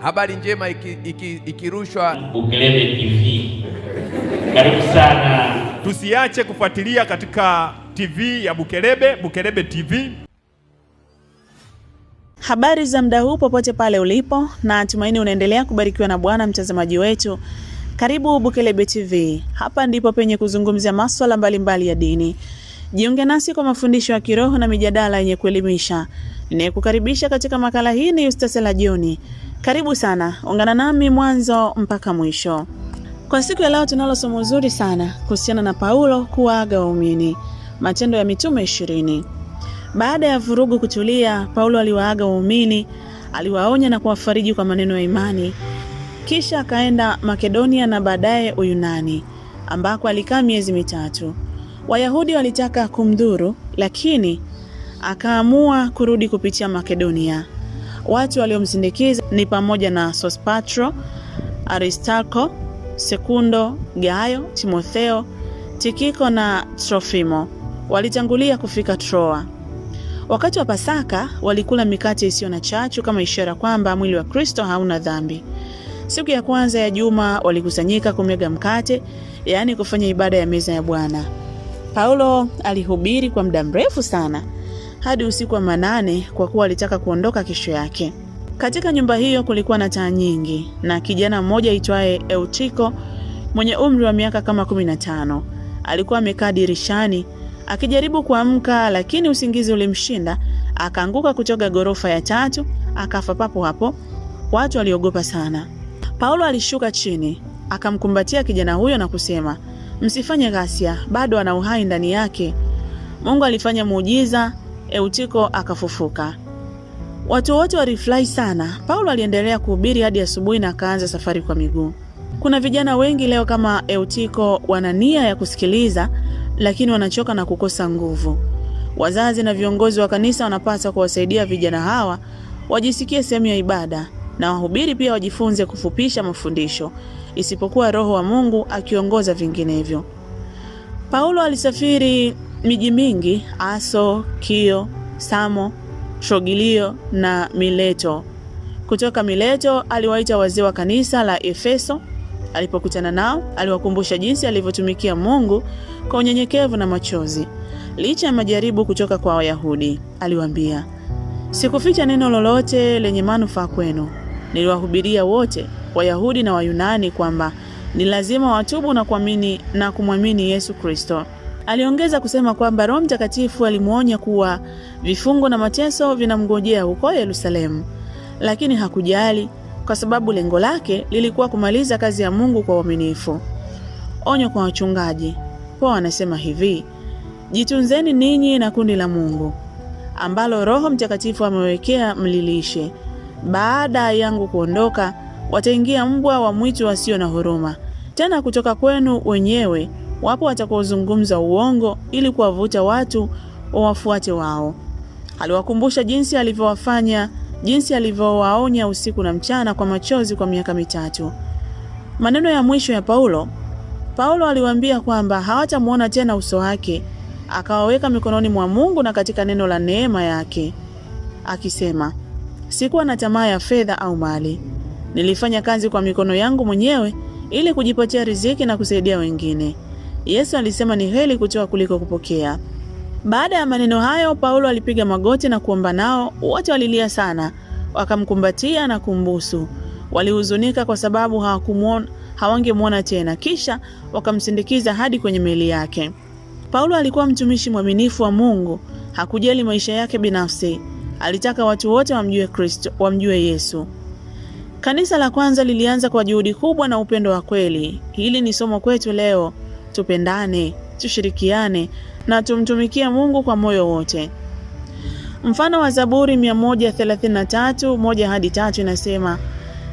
Habari njema ikirushwa iki, iki Bukelebe TV. Karibu sana, tusiache kufuatilia katika TV ya Bukelebe, Bukelebe TV. Habari za muda huu popote pale ulipo, na tumaini unaendelea kubarikiwa na Bwana mtazamaji wetu. Karibu Bukelebe TV. Hapa ndipo penye kuzungumzia masuala mbalimbali ya dini. Jiunge nasi kwa mafundisho ya kiroho na mijadala yenye kuelimisha. Ninayekukaribisha katika makala hii ni Yustasela Joni. Karibu sana, ungana nami mwanzo mpaka mwisho. Kwa siku ya leo tunalo somo zuri sana kuhusiana na Paulo kuwaaga waumini, Matendo ya Mitume ishirini. Baada ya vurugu kutulia, Paulo aliwaaga waumini, aliwaonya na kuwafariji kwa maneno ya imani, kisha akaenda Makedonia na baadaye Uyunani ambako alikaa miezi mitatu. Wayahudi walitaka kumdhuru, lakini akaamua kurudi kupitia Makedonia. Watu waliomsindikiza ni pamoja na Sospatro, Aristarko, Sekundo, Gayo, Timotheo, Tikiko na Trofimo. Walitangulia kufika Troa. Wakati wa Pasaka walikula mikate isiyo na chachu kama ishara kwamba mwili wa Kristo hauna dhambi. Siku ya kwanza ya juma walikusanyika kumega mkate, yaani kufanya ibada ya meza ya Bwana. Paulo alihubiri kwa muda mrefu sana hadi usiku wa manane kwa kuwa alitaka kuondoka kesho yake. Katika nyumba hiyo kulikuwa na taa nyingi na kijana mmoja aitwaye Eutiko mwenye umri wa miaka kama 15 alikuwa amekaa dirishani akijaribu kuamka, lakini usingizi ulimshinda. Akaanguka kutoka ghorofa ya tatu akafa papo hapo. Watu waliogopa sana. Paulo alishuka chini akamkumbatia kijana huyo na kusema, msifanye ghasia, bado ana uhai ndani yake. Mungu alifanya muujiza Eutiko akafufuka. Watu wote walifurahi sana. Paulo aliendelea kuhubiri hadi asubuhi na akaanza safari kwa miguu. Kuna vijana wengi leo kama Eutiko wana nia ya kusikiliza, lakini wanachoka na kukosa nguvu. Wazazi na viongozi wa kanisa wanapaswa kuwasaidia vijana hawa wajisikie sehemu ya ibada, na wahubiri pia wajifunze kufupisha mafundisho, isipokuwa Roho wa Mungu akiongoza vinginevyo. Paulo alisafiri Miji mingi Aso, Kio, Samo, Trogilio na Mileto. Kutoka Mileto aliwaita wazee wa kanisa la Efeso. Alipokutana nao, aliwakumbusha jinsi alivyotumikia Mungu kwa unyenyekevu na machozi licha ya majaribu kutoka kwa Wayahudi. Aliwaambia, sikuficha neno lolote lenye manufaa kwenu. Niliwahubiria wote Wayahudi na Wayunani kwamba ni lazima watubu na kuamini na kumwamini Yesu Kristo Aliongeza kusema kwamba Roho Mtakatifu alimwonya kuwa vifungo na mateso vinamngojea huko Yerusalemu, lakini hakujali kwa sababu lengo lake lilikuwa kumaliza kazi ya Mungu kwa uaminifu. Onyo kwa wachungaji. Paulo anasema hivi: jitunzeni ninyi na kundi la Mungu ambalo Roho Mtakatifu amewekea mlilishe. Baada yangu kuondoka, wataingia mbwa wa mwitu wasio na huruma, tena kutoka kwenu wenyewe Wapo watakaozungumza uongo ili kuwavuta watu wawafuate wao. Aliwakumbusha jinsi alivyowafanya, jinsi alivyowaonya usiku na mchana kwa machozi kwa miaka mitatu. Maneno ya mwisho ya Paulo, Paulo aliwaambia kwamba hawatamwona tena uso wake, akawaweka mikononi mwa Mungu na katika neno la neema yake, akisema, sikuwa na tamaa ya fedha au mali, nilifanya kazi kwa mikono yangu mwenyewe ili kujipatia riziki na kusaidia wengine. Yesu alisema ni heri kutoa kuliko kupokea. Baada ya maneno hayo, Paulo alipiga magoti na kuomba nao. Wote walilia sana, wakamkumbatia na kumbusu. Walihuzunika kwa sababu hawakumwona, hawangemwona tena. Kisha wakamsindikiza hadi kwenye meli yake. Paulo alikuwa mtumishi mwaminifu wa Mungu. Hakujali maisha yake binafsi, alitaka watu wote wamjue Kristo, wamjue Yesu. Kanisa la kwanza lilianza kwa juhudi kubwa na upendo wa kweli. Hili ni somo kwetu leo tupendane, tushirikiane na tumtumikie Mungu kwa moyo wote. Mfano wa Zaburi 133:1 hadi 3 inasema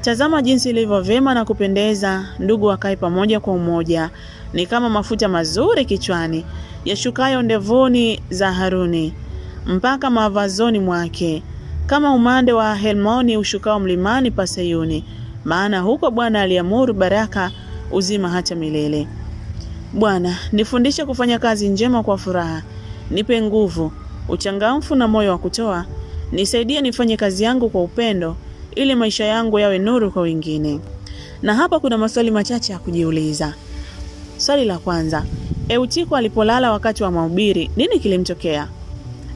Tazama jinsi ilivyo vema na kupendeza ndugu wakae pamoja kwa umoja. Ni kama mafuta mazuri kichwani yashukayo ndevuni za Haruni mpaka mavazoni mwake, kama umande wa Helmoni ushukao mlimani pa Sayuni, maana huko Bwana aliamuru baraka, uzima hata milele. Bwana, nifundishe kufanya kazi njema kwa furaha, nipe nguvu, uchangamfu na moyo wa kutoa, nisaidie nifanye kazi yangu kwa upendo, ili maisha yangu yawe nuru kwa wengine. Na hapa kuna maswali machache ya kujiuliza. Swali la kwanza, Eutiko alipolala wakati wa mahubiri, nini kilimtokea?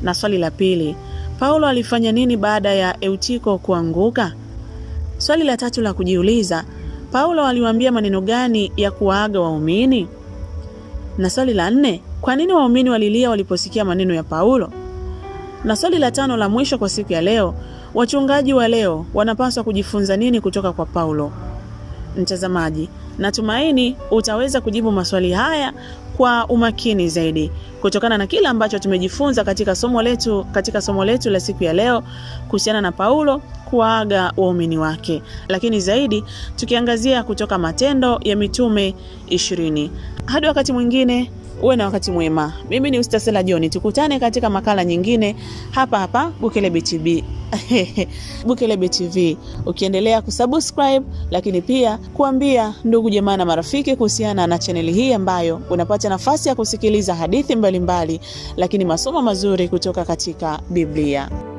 Na swali la pili, Paulo alifanya nini baada ya Eutiko kuanguka? Swali la tatu la kujiuliza, Paulo aliwaambia maneno gani ya kuwaaga waumini? Na swali la nne, kwa nini waumini walilia waliposikia maneno ya Paulo? Na swali la tano la mwisho kwa siku ya leo, wachungaji wa leo wanapaswa kujifunza nini kutoka kwa Paulo? mtazamaji, natumaini utaweza kujibu maswali haya kwa umakini zaidi kutokana na kile ambacho tumejifunza katika somo letu, katika somo letu la siku ya leo kuhusiana na Paulo kuaga waumini wake, lakini zaidi tukiangazia kutoka Matendo ya Mitume ishirini. Hadi wakati mwingine uwe na wakati mwema. Mimi ni Ustasela John, tukutane katika makala nyingine hapa hapa Bukelebe TV. Bukelebe TV ukiendelea kusubscribe, lakini pia kuambia ndugu jamaa na marafiki kuhusiana na chaneli hii ambayo unapata nafasi ya kusikiliza hadithi mbalimbali mbali, lakini masomo mazuri kutoka katika Biblia.